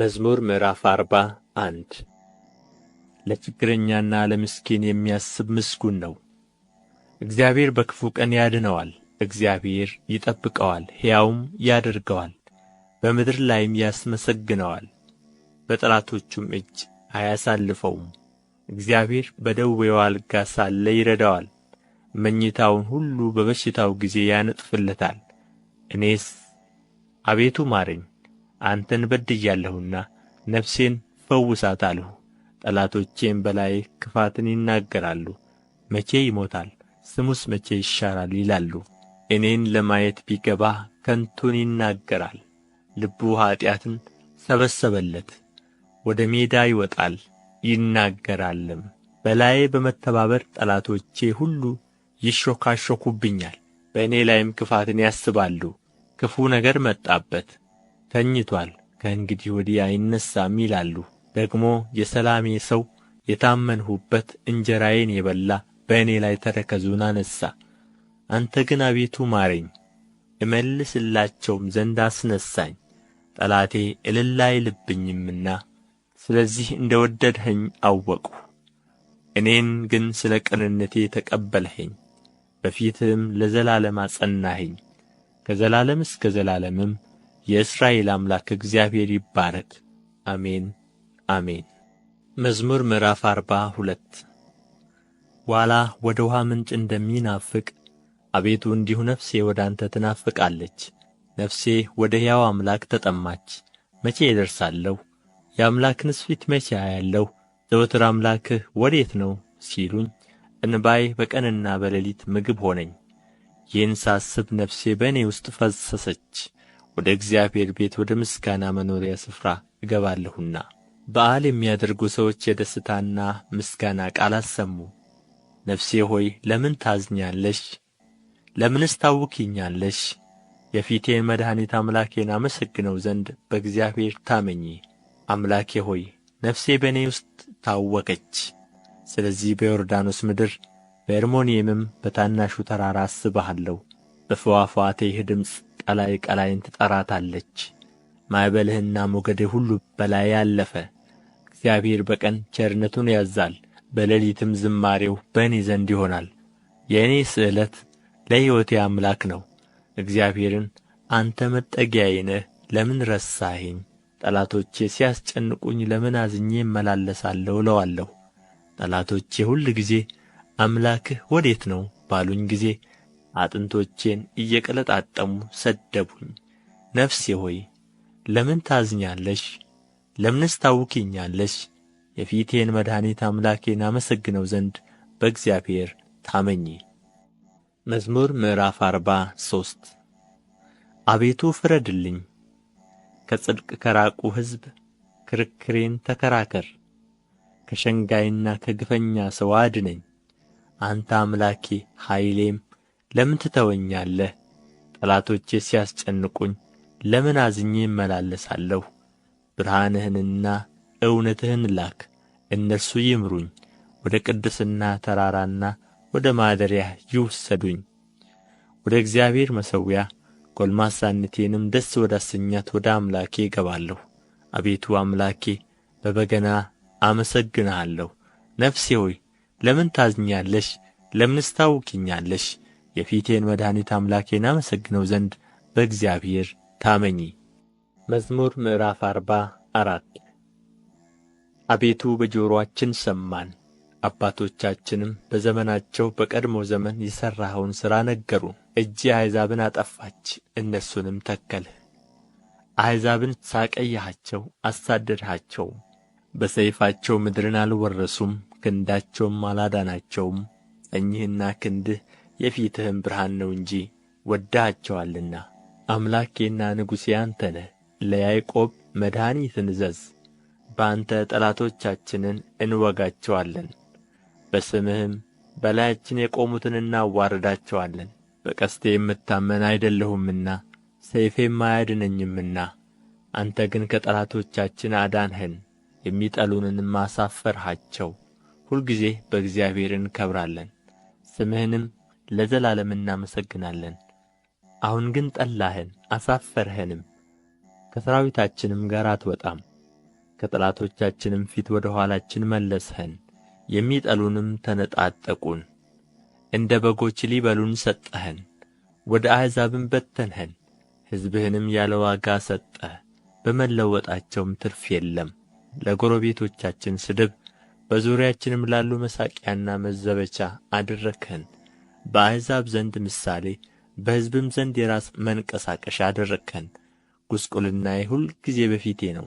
መዝሙር ምዕራፍ አርባ አንድ ለችግረኛና ለምስኪን የሚያስብ ምስጉን ነው። እግዚአብሔር በክፉ ቀን ያድነዋል። እግዚአብሔር ይጠብቀዋል፣ ሕያውም ያደርገዋል፣ በምድር ላይም ያስመሰግነዋል። በጠላቶቹም እጅ አያሳልፈውም። እግዚአብሔር በደዌው አልጋ ሳለ ይረዳዋል፣ መኝታውን ሁሉ በበሽታው ጊዜ ያነጥፍለታል። እኔስ አቤቱ ማረኝ አንተን በድያለሁና ነፍሴን ፈውሳት አልሁ። ጠላቶቼም በላይ ክፋትን ይናገራሉ፣ መቼ ይሞታል ስሙስ መቼ ይሻራል ይላሉ። እኔን ለማየት ቢገባ ከንቱን ይናገራል። ልቡ ኀጢአትን ሰበሰበለት፣ ወደ ሜዳ ይወጣል ይናገራልም። በላዬ በመተባበር ጠላቶቼ ሁሉ ይሾካሾኩብኛል፣ በእኔ ላይም ክፋትን ያስባሉ። ክፉ ነገር መጣበት፣ ተኝቶአል፣ ከእንግዲህ ወዲህ አይነሣም ይላሉ። ደግሞ የሰላሜ ሰው የታመንሁበት እንጀራዬን የበላ በእኔ ላይ ተረከዙን አነሣ። አንተ ግን አቤቱ ማረኝ፣ እመልስላቸውም ዘንድ አስነሣኝ። ጠላቴ እልል አይልብኝምና ስለዚህ እንደ ወደድኸኝ አወቁ። እኔን ግን ስለ ቅንነቴ ተቀበልኸኝ፣ በፊትህም ለዘላለም አጸናኸኝ። ከዘላለም እስከ ዘላለምም የእስራኤል አምላክ እግዚአብሔር ይባረክ። አሜን አሜን። መዝሙር ምዕራፍ አርባ ሁለት ዋላ ወደ ውሃ ምንጭ እንደሚናፍቅ አቤቱ እንዲሁ ነፍሴ ወደ አንተ ትናፍቃለች። ነፍሴ ወደ ሕያው አምላክ ተጠማች። መቼ እደርሳለሁ? የአምላክንስ ፊት መቼ አያለሁ? ዘወትር አምላክህ ወዴት ነው ሲሉኝ እንባዬ በቀንና በሌሊት ምግብ ሆነኝ። ይህን ሳስብ ነፍሴ በእኔ ውስጥ ፈሰሰች። ወደ እግዚአብሔር ቤት ወደ ምስጋና መኖሪያ ስፍራ እገባለሁና። በዓል የሚያደርጉ ሰዎች የደስታና ምስጋና ቃል አሰሙ። ነፍሴ ሆይ ለምን ታዝኛለሽ? ለምንስ ታውኪኛለሽ? የፊቴን መድኃኒት አምላኬን አመሰግነው ዘንድ በእግዚአብሔር ታመኚ። አምላኬ ሆይ ነፍሴ በእኔ ውስጥ ታወቀች? ስለዚህ በዮርዳኖስ ምድር በኤርሞንየምም በታናሹ ተራራ አስብሃለሁ። በፈዋፏቴህ ድምፅ ቀላይ ቀላይን ትጠራታለች። ማዕበልህና ሞገድህ ሁሉ በላይ አለፈ። እግዚአብሔር በቀን ቸርነቱን ያዛል፣ በሌሊትም ዝማሬው በእኔ ዘንድ ይሆናል። የእኔ ስዕለት ለሕይወቴ አምላክ ነው። እግዚአብሔርን አንተ መጠጊያዬ ነህ፣ ለምን ረሳኸኝ? ጠላቶቼ ሲያስጨንቁኝ ለምን አዝኜ እመላለሳለሁ እለዋለሁ። ጠላቶቼ ሁል ጊዜ አምላክህ ወዴት ነው ባሉኝ ጊዜ አጥንቶቼን እየቀለጣጠሙ ሰደቡኝ ነፍሴ ሆይ ለምን ታዝኛለሽ ለምንስ ታውኪኛለሽ የፊቴን መድኃኒት አምላኬን አመሰግነው ዘንድ በእግዚአብሔር ታመኚ መዝሙር ምዕራፍ አርባ ሶስት አቤቱ ፍረድልኝ፣ ከጽድቅ ከራቁ ሕዝብ ክርክሬን ተከራከር። ከሸንጋይና ከግፈኛ ሰው አድነኝ። አንተ አምላኬ ኃይሌም ለምን ትተወኛለህ ጠላቶቼ ሲያስጨንቁኝ ለምን አዝኜ እመላለሳለሁ ብርሃንህንና እውነትህን ላክ እነርሱ ይምሩኝ ወደ ቅድስና ተራራና ወደ ማደሪያ ይውሰዱኝ ወደ እግዚአብሔር መሠዊያ ጎልማሳነቴንም ደስ ወዳሰኛት ወደ አምላኬ እገባለሁ አቤቱ አምላኬ በበገና አመሰግንሃለሁ ነፍሴ ሆይ ለምን ታዝኛለሽ ለምንስ ታውኪኛለሽ የፊቴን መድኃኒት አምላኬን አመሰግነው ዘንድ በእግዚአብሔር ታመኚ። መዝሙር ምዕራፍ አርባ አራት አቤቱ በጆሮአችን ሰማን፣ አባቶቻችንም በዘመናቸው በቀድሞ ዘመን የሠራኸውን ሥራ ነገሩ። እጅህ አሕዛብን አጠፋች፣ እነሱንም ተከልህ። አሕዛብን ሳቀየሃቸው፣ አሳደድሃቸው። በሰይፋቸው ምድርን አልወረሱም፣ ክንዳቸውም አላዳናቸውም። እኚህና ክንድህ የፊትህም ብርሃን ነው እንጂ ወዳቸዋልና አምላኬና ንጉሴ አንተ ነህ ለያዕቆብ መድኃኒትን እዘዝ በአንተ ጠላቶቻችንን እንወጋቸዋለን በስምህም በላያችን የቆሙትን እናዋርዳቸዋለን በቀስቴ የምታመን አይደለሁምና ሰይፌም አያድነኝምና አንተ ግን ከጠላቶቻችን አዳንህን የሚጠሉንንም አሳፈርሃቸው ሁልጊዜ በእግዚአብሔር እንከብራለን ስምህንም ለዘላለም እናመሰግናለን። አሁን ግን ጠላህን አሳፈርህንም ከሠራዊታችንም ጋር አትወጣም። ከጠላቶቻችንም ፊት ወደ ኋላችን መለስህን፣ የሚጠሉንም ተነጣጠቁን። እንደ በጎች ሊበሉን ሰጠህን ወደ አሕዛብም በተንህን ሕዝብህንም ያለ ዋጋ ሰጠህ፣ በመለወጣቸውም ትርፍ የለም። ለጎረቤቶቻችን ስድብ፣ በዙሪያችንም ላሉ መሳቂያና መዘበቻ አደረግኸን። በአሕዛብ ዘንድ ምሳሌ በሕዝብም ዘንድ የራስ መንቀሳቀሻ አደረግከን። ጉስቁልናዬ ሁልጊዜ በፊቴ ነው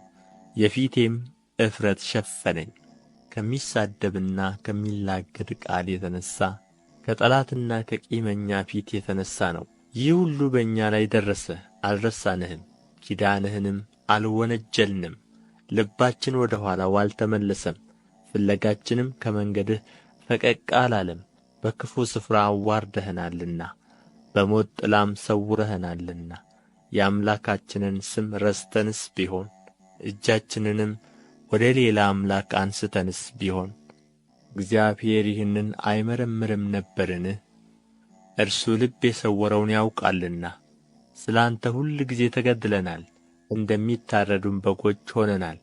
የፊቴም እፍረት ሸፈነኝ ከሚሳደብና ከሚላገድ ቃል የተነሣ ከጠላትና ከቂመኛ ፊት የተነሣ ነው። ይህ ሁሉ በእኛ ላይ ደረሰ፣ አልረሳንህም፣ ኪዳንህንም አልወነጀልንም። ልባችን ወደ ኋላው አልተመለሰም፣ ፍለጋችንም ከመንገድህ ፈቀቅ አላለም። በክፉ ስፍራ አዋርደህናልና በሞት ጥላም ሰውረህናልና የአምላካችንን ስም ረስተንስ ቢሆን እጃችንንም ወደ ሌላ አምላክ አንስተንስ ቢሆን እግዚአብሔር ይህንን አይመረምርም ነበርን? እርሱ ልብ የሰወረውን ያውቃልና። ስለ አንተ ሁል ጊዜ ተገድለናል፣ እንደሚታረዱም በጎች ሆነናል።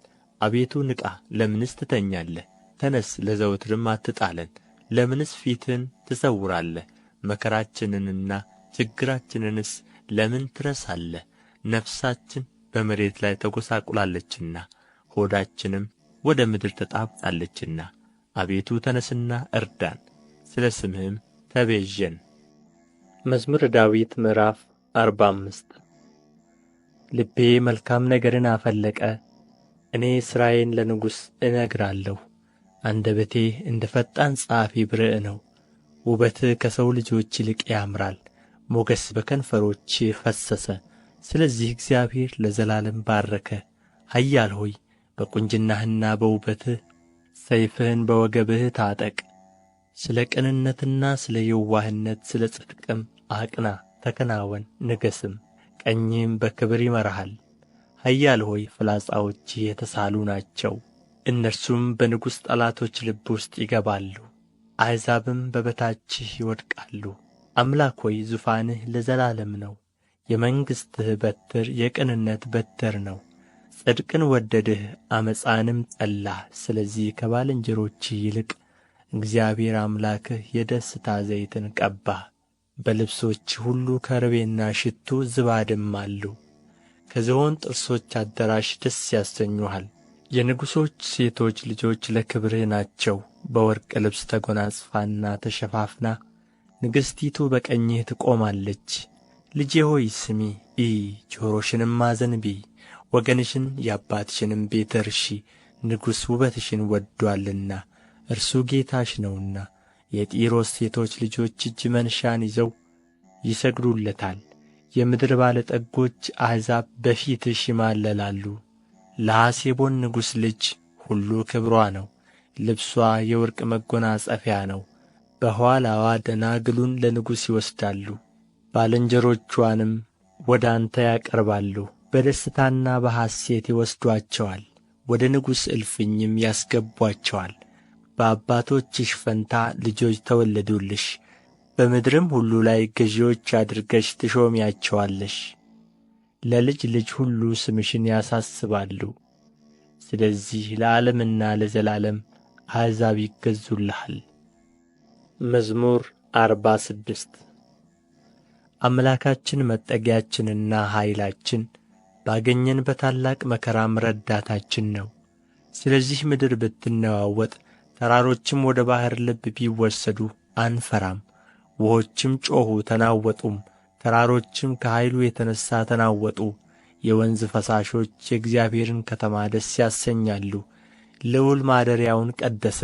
አቤቱ ንቃ፣ ለምንስ ትተኛለህ? ተነስ፣ ለዘውትርም አትጣለን። ለምንስ ፊትህን ትሰውራለህ? መከራችንንና ችግራችንንስ ለምን ትረሳለህ? ነፍሳችን በመሬት ላይ ተጐሳቁላለችና ሆዳችንም ወደ ምድር ተጣብቃለችና። አቤቱ ተነስና እርዳን፣ ስለ ስምህም ተቤዠን። መዝሙር ዳዊት ምዕራፍ አርባ አምስት ልቤ መልካም ነገርን አፈለቀ። እኔ ሥራዬን ለንጉሥ እነግራለሁ አንደበቴ እንደ ፈጣን ጸሓፊ ብርዕ ነው ውበትህ ከሰው ልጆች ይልቅ ያምራል ሞገስ በከንፈሮች ፈሰሰ ስለዚህ እግዚአብሔር ለዘላለም ባረከ ኃያል ሆይ በቁንጅናህና በውበትህ ሰይፍህን በወገብህ ታጠቅ ስለ ቅንነትና ስለ የዋህነት ስለ ጽድቅም አቅና ተከናወን ንገስም ቀኝህም በክብር ይመራሃል ኃያል ሆይ ፍላጻዎችህ የተሳሉ ናቸው እነርሱም በንጉሥ ጠላቶች ልብ ውስጥ ይገባሉ አሕዛብም በበታችህ ይወድቃሉ አምላክ ሆይ ዙፋንህ ለዘላለም ነው የመንግሥትህ በትር የቅንነት በትር ነው ጽድቅን ወደድህ ዓመፃንም ጠላህ ስለዚህ ከባልንጀሮችህ ይልቅ እግዚአብሔር አምላክህ የደስታ ዘይትን ቀባህ በልብሶች ሁሉ ከርቤና ሽቱ ዝባድም አሉ ከዝሆን ጥርሶች አዳራሽ ደስ ያሰኙሃል የንጉሦች ሴቶች ልጆች ለክብርህ ናቸው በወርቅ ልብስ ተጐናጽፋና ተሸፋፍና ንግሥቲቱ በቀኝህ ትቆማለች ልጄ ሆይ ስሚ እዪ ጆሮሽንም አዘንቢ ወገንሽን የአባትሽንም ቤት እርሺ ንጉሥ ውበትሽን ወዶአልና እርሱ ጌታሽ ነውና የጢሮስ ሴቶች ልጆች እጅ መንሻን ይዘው ይሰግዱለታል የምድር ባለጠጎች አሕዛብ በፊትሽ ይማለላሉ ለሐሴቦን ንጉሥ ልጅ ሁሉ ክብሯ ነው። ልብሷ የወርቅ መጐናጸፊያ ነው። በኋላዋ ደናግሉን ለንጉሥ ይወስዳሉ፣ ባልንጀሮቿንም ወደ አንተ ያቀርባሉ። በደስታና በሐሴት ይወስዷቸዋል፣ ወደ ንጉሥ እልፍኝም ያስገቧቸዋል። በአባቶችሽ ፈንታ ልጆች ተወለዱልሽ፣ በምድርም ሁሉ ላይ ገዢዎች አድርገሽ ትሾሚያቸዋለሽ። ለልጅ ልጅ ሁሉ ስምሽን ያሳስባሉ። ስለዚህ ለዓለምና ለዘላለም አሕዛብ ይገዙልሃል። መዝሙር አርባ ስድስት አምላካችን መጠጊያችንና ኃይላችን ባገኘን በታላቅ መከራም ረዳታችን ነው። ስለዚህ ምድር ብትነዋወጥ ተራሮችም ወደ ባሕር ልብ ቢወሰዱ አንፈራም። ውኆችም ጮኹ ተናወጡም፣ ተራሮችም ከኃይሉ የተነሣ ተናወጡ። የወንዝ ፈሳሾች የእግዚአብሔርን ከተማ ደስ ያሰኛሉ። ልዑል ማደሪያውን ቀደሰ።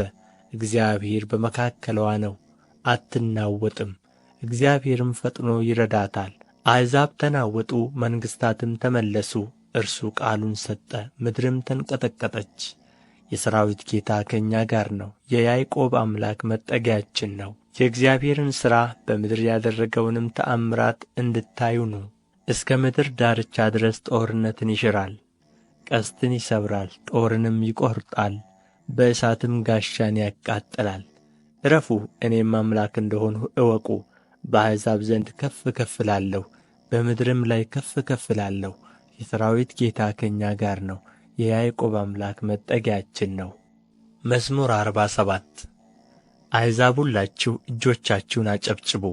እግዚአብሔር በመካከልዋ ነው፣ አትናወጥም። እግዚአብሔርም ፈጥኖ ይረዳታል። አሕዛብ ተናወጡ፣ መንግሥታትም ተመለሱ። እርሱ ቃሉን ሰጠ፣ ምድርም ተንቀጠቀጠች። የሠራዊት ጌታ ከእኛ ጋር ነው፣ የያዕቆብ አምላክ መጠጊያችን ነው። የእግዚአብሔርን ሥራ በምድር ያደረገውንም ተአምራት እንድታዩ ኑ እስከ ምድር ዳርቻ ድረስ ጦርነትን ይሽራል ቀስትን ይሰብራል ጦርንም ይቈርጣል በእሳትም ጋሻን ያቃጥላል እረፉ እኔም አምላክ እንደሆንሁ እወቁ በአሕዛብ ዘንድ ከፍ ከፍ እላለሁ በምድርም ላይ ከፍ ከፍ እላለሁ የሠራዊት ጌታ ከእኛ ጋር ነው የያዕቆብ አምላክ መጠጊያችን ነው መዝሙር አርባ ሰባት አሕዛብ ሁላችሁ እጆቻችሁን አጨብጭቡ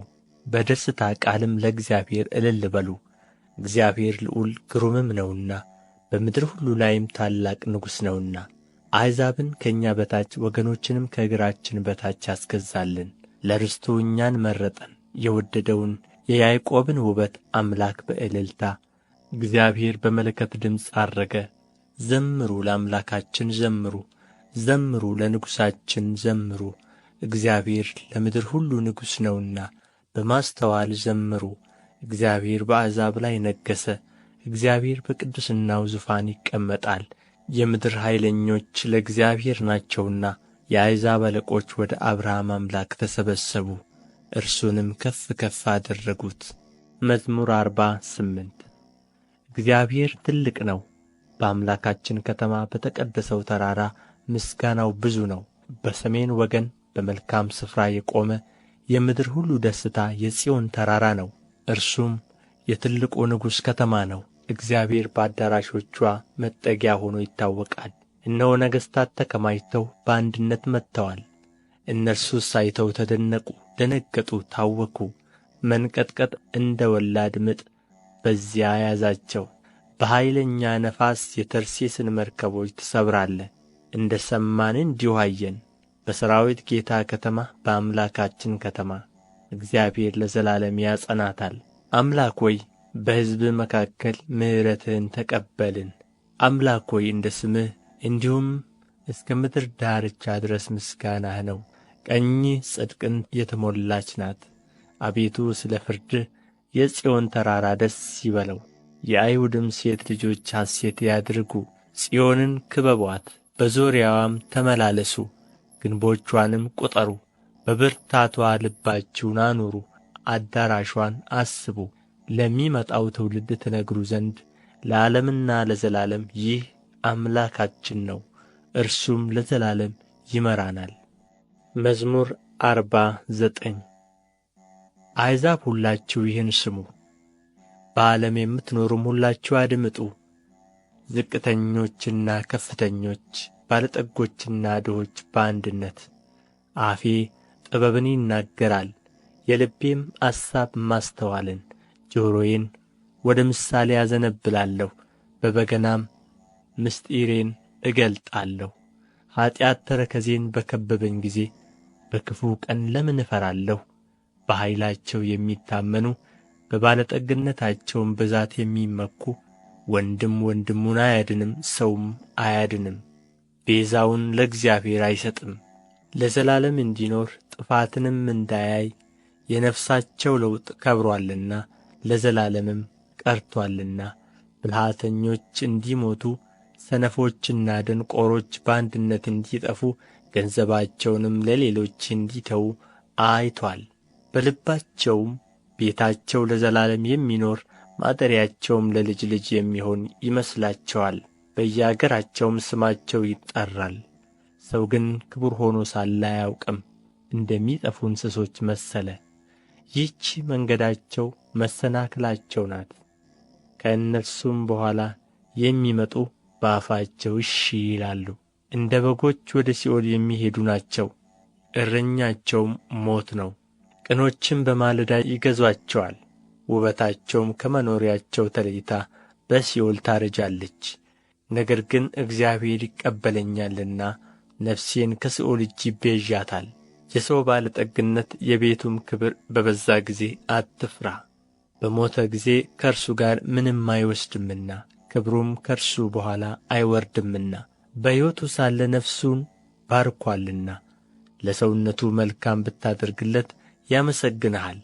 በደስታ ቃልም ለእግዚአብሔር እልል በሉ እግዚአብሔር ልዑል ግሩምም ነውና በምድር ሁሉ ላይም ታላቅ ንጉሥ ነውና አሕዛብን ከእኛ በታች ወገኖችንም ከእግራችን በታች አስገዛልን ለርስቱ እኛን መረጠን የወደደውን የያዕቆብን ውበት አምላክ በእልልታ እግዚአብሔር በመለከት ድምፅ አረገ። ዘምሩ ለአምላካችን ዘምሩ ዘምሩ ለንጉሣችን ዘምሩ እግዚአብሔር ለምድር ሁሉ ንጉሥ ነውና በማስተዋል ዘምሩ እግዚአብሔር በአሕዛብ ላይ ነገሠ እግዚአብሔር በቅዱስናው ዙፋን ይቀመጣል የምድር ኃይለኞች ለእግዚአብሔር ናቸውና የአሕዛብ አለቆች ወደ አብርሃም አምላክ ተሰበሰቡ እርሱንም ከፍ ከፍ አደረጉት መዝሙር አርባ ስምንት እግዚአብሔር ትልቅ ነው በአምላካችን ከተማ በተቀደሰው ተራራ ምስጋናው ብዙ ነው በሰሜን ወገን በመልካም ስፍራ የቆመ የምድር ሁሉ ደስታ የጽዮን ተራራ ነው። እርሱም የትልቁ ንጉሥ ከተማ ነው። እግዚአብሔር በአዳራሾቿ መጠጊያ ሆኖ ይታወቃል። እነሆ ነገሥታት ተከማችተው በአንድነት መጥተዋል። እነርሱስ አይተው ተደነቁ፣ ደነገጡ፣ ታወኩ። መንቀጥቀጥ እንደ ወላድ ምጥ በዚያ ያዛቸው። በኃይለኛ ነፋስ የተርሴስን መርከቦች ትሰብራለህ። እንደ ሰማን እንዲሁ አየን። በሰራዊት ጌታ ከተማ በአምላካችን ከተማ እግዚአብሔር ለዘላለም ያጸናታል አምላክ ሆይ በሕዝብህ መካከል ምሕረትህን ተቀበልን አምላክ ሆይ እንደ ስምህ እንዲሁም እስከ ምድር ዳርቻ ድረስ ምስጋናህ ነው ቀኝህ ጽድቅን የተሞላች ናት አቤቱ ስለ ፍርድህ የጽዮን ተራራ ደስ ይበለው የአይሁድም ሴት ልጆች ሐሴት ያድርጉ ጽዮንን ክበቧት በዙሪያዋም ተመላለሱ ግንቦቿንም ቍጠሩ። በብርታቷ ልባችሁን አኑሩ፣ አዳራሿን አስቡ። ለሚመጣው ትውልድ ትነግሩ ዘንድ ለዓለምና ለዘላለም ይህ አምላካችን ነው፣ እርሱም ለዘላለም ይመራናል። መዝሙር አርባ ዘጠኝ አሕዛብ ሁላችሁ ይህን ስሙ፣ በዓለም የምትኖሩም ሁላችሁ አድምጡ። ዝቅተኞችና ከፍተኞች ባለጠጎችና ድሆች በአንድነት አፌ ጥበብን ይናገራል የልቤም አሳብ ማስተዋልን ጆሮዬን ወደ ምሳሌ አዘነብላለሁ በበገናም ምስጢሬን እገልጣለሁ ኀጢአት ተረከዜን በከበበኝ ጊዜ በክፉ ቀን ለምን እፈራለሁ በኃይላቸው የሚታመኑ በባለጠግነታቸውም ብዛት የሚመኩ ወንድም ወንድሙን አያድንም ሰውም አያድንም ቤዛውን ለእግዚአብሔር አይሰጥም ለዘላለም እንዲኖር ጥፋትንም እንዳያይ የነፍሳቸው ለውጥ ከብሮአልና ለዘላለምም ቀርቶአልና ብልሃተኞች እንዲሞቱ ሰነፎችና ደንቆሮች በአንድነት እንዲጠፉ ገንዘባቸውንም ለሌሎች እንዲተዉ አይቶአል። በልባቸውም ቤታቸው ለዘላለም የሚኖር ማደሪያቸውም ለልጅ ልጅ የሚሆን ይመስላቸዋል። በየአገራቸውም ስማቸው ይጠራል። ሰው ግን ክቡር ሆኖ ሳለ አያውቅም፣ እንደሚጠፉ እንስሶች መሰለ። ይህች መንገዳቸው መሰናክላቸው ናት። ከእነርሱም በኋላ የሚመጡ በአፋቸው እሺ ይላሉ። እንደ በጎች ወደ ሲኦል የሚሄዱ ናቸው፣ እረኛቸውም ሞት ነው። ቅኖችም በማለዳ ይገዟቸዋል፣ ውበታቸውም ከመኖሪያቸው ተለይታ በሲኦል ታረጃለች። ነገር ግን እግዚአብሔር ይቀበለኛልና ነፍሴን ከሲኦል እጅ ይቤዣታል። የሰው ባለጠግነት የቤቱም ክብር በበዛ ጊዜ አትፍራ። በሞተ ጊዜ ከእርሱ ጋር ምንም አይወስድምና ክብሩም ከእርሱ በኋላ አይወርድምና በሕይወቱ ሳለ ነፍሱን ባርኳልና ለሰውነቱ መልካም ብታደርግለት ያመሰግንሃል።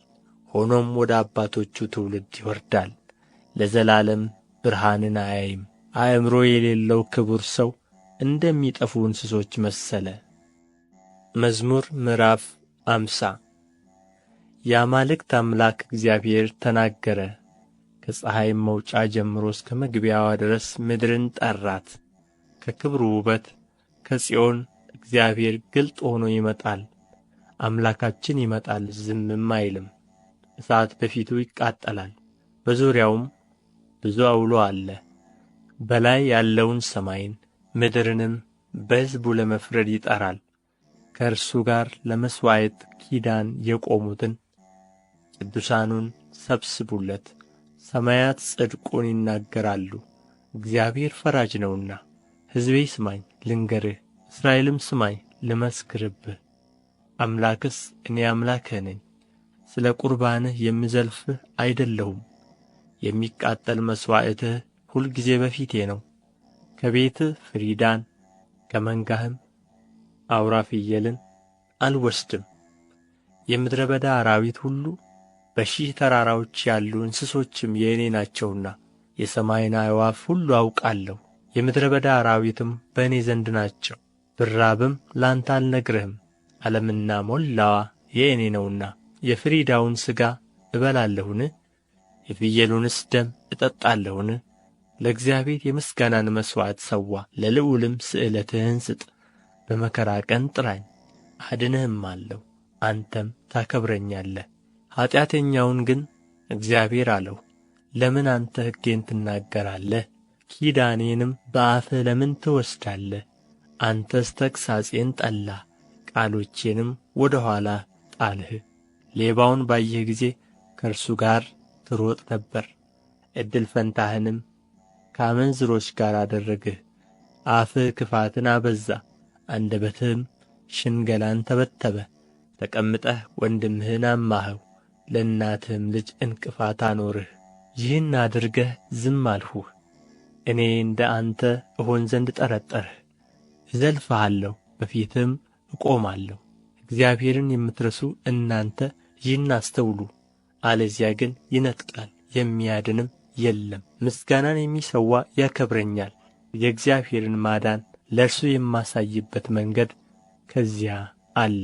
ሆኖም ወደ አባቶቹ ትውልድ ይወርዳል፣ ለዘላለም ብርሃንን አያይም። አእምሮ የሌለው ክቡር ሰው እንደሚጠፉ እንስሶች መሰለ። መዝሙር ምዕራፍ አምሳ የአማልክት አምላክ እግዚአብሔር ተናገረ። ከፀሐይም መውጫ ጀምሮ እስከ መግቢያዋ ድረስ ምድርን ጠራት። ከክብሩ ውበት ከጽዮን እግዚአብሔር ግልጥ ሆኖ ይመጣል። አምላካችን ይመጣል፣ ዝምም አይልም። እሳት በፊቱ ይቃጠላል፣ በዙሪያውም ብዙ አውሎ አለ። በላይ ያለውን ሰማይን ምድርንም በሕዝቡ ለመፍረድ ይጠራል። ከእርሱ ጋር ለመሥዋዕት ኪዳን የቆሙትን ቅዱሳኑን ሰብስቡለት። ሰማያት ጽድቁን ይናገራሉ፣ እግዚአብሔር ፈራጅ ነውና። ሕዝቤ ስማኝ ልንገርህ፣ እስራኤልም ስማኝ ልመስክርብህ። አምላክስ እኔ አምላክህ ነኝ፣ ስለ ቁርባንህ የምዘልፍህ አይደለሁም። የሚቃጠል መሥዋዕትህ ሁልጊዜ በፊቴ ነው ከቤትህ ፍሪዳን ከመንጋህም አውራ ፍየልን አልወስድም የምድረ በዳ አራዊት ሁሉ በሺህ ተራራዎች ያሉ እንስሶችም የእኔ ናቸውና የሰማይን አዕዋፍ ሁሉ አውቃለሁ የምድረ በዳ አራዊትም በእኔ ዘንድ ናቸው ብራብም ላንተ አልነግርህም ዓለምና ሞላዋ የእኔ ነውና የፍሪዳውን ሥጋ እበላለሁን የፍየሉንስ ደም እጠጣለሁን ለእግዚአብሔር የምስጋናን መሥዋዕት ሰዋ፣ ለልዑልም ስእለትህን ስጥ። በመከራ ቀን ጥራኝ አድንህማለሁ፣ አንተም ታከብረኛለህ። ኀጢአተኛውን ግን እግዚአብሔር አለው፣ ለምን አንተ ሕጌን ትናገራለህ? ኪዳኔንም በአፍህ ለምን ትወስዳለህ? አንተስ ተግሣጼን ጠላ ቃሎቼንም ወደ ኋላ ጣልህ። ሌባውን ባየህ ጊዜ ከእርሱ ጋር ትሮጥ ነበር፣ ዕድል ፈንታህንም ከአመንዝሮች ጋር አደረግህ። አፍህ ክፋትን አበዛ፣ አንደበትህም ሽንገላን ተበተበ። ተቀምጠህ ወንድምህን አማኸው፣ ለእናትህም ልጅ እንቅፋት አኖርህ። ይህን አድርገህ ዝም አልሁህ። እኔ እንደ አንተ እሆን ዘንድ ጠረጠርህ። እዘልፍሃለሁ፣ በፊትህም እቆማለሁ። እግዚአብሔርን የምትረሱ እናንተ ይህን አስተውሉ፤ አለዚያ ግን ይነጥቃል፣ የሚያድንም የለም። ምስጋናን የሚሠዋ ያከብረኛል። የእግዚአብሔርን ማዳን ለእርሱ የማሳይበት መንገድ ከዚያ አለ።